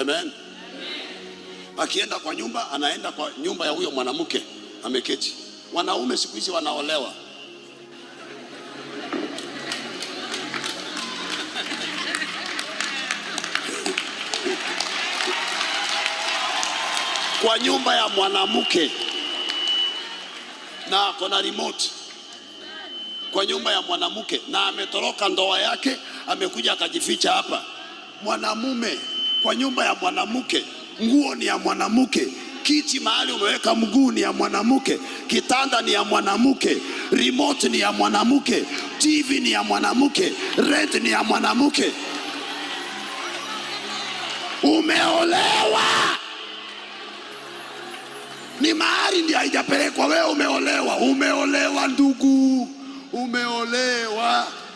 Amen. Akienda kwa nyumba, anaenda kwa nyumba ya huyo mwanamke ameketi. Wanaume siku hizi wanaolewa kwa nyumba ya mwanamke na ako na remote kwa nyumba ya mwanamke na ametoroka ndoa yake, amekuja akajificha hapa mwanamume kwa nyumba ya mwanamke, nguo ni ya mwanamke, kiti mahali umeweka mguu ni ya mwanamke, kitanda ni ya mwanamke, remote ni ya mwanamke, TV ni ya mwanamke, rent ni ya mwanamke. Umeolewa ni mahali ndio haijapelekwa. Wewe umeolewa, umeolewa ndugu, umeolewa.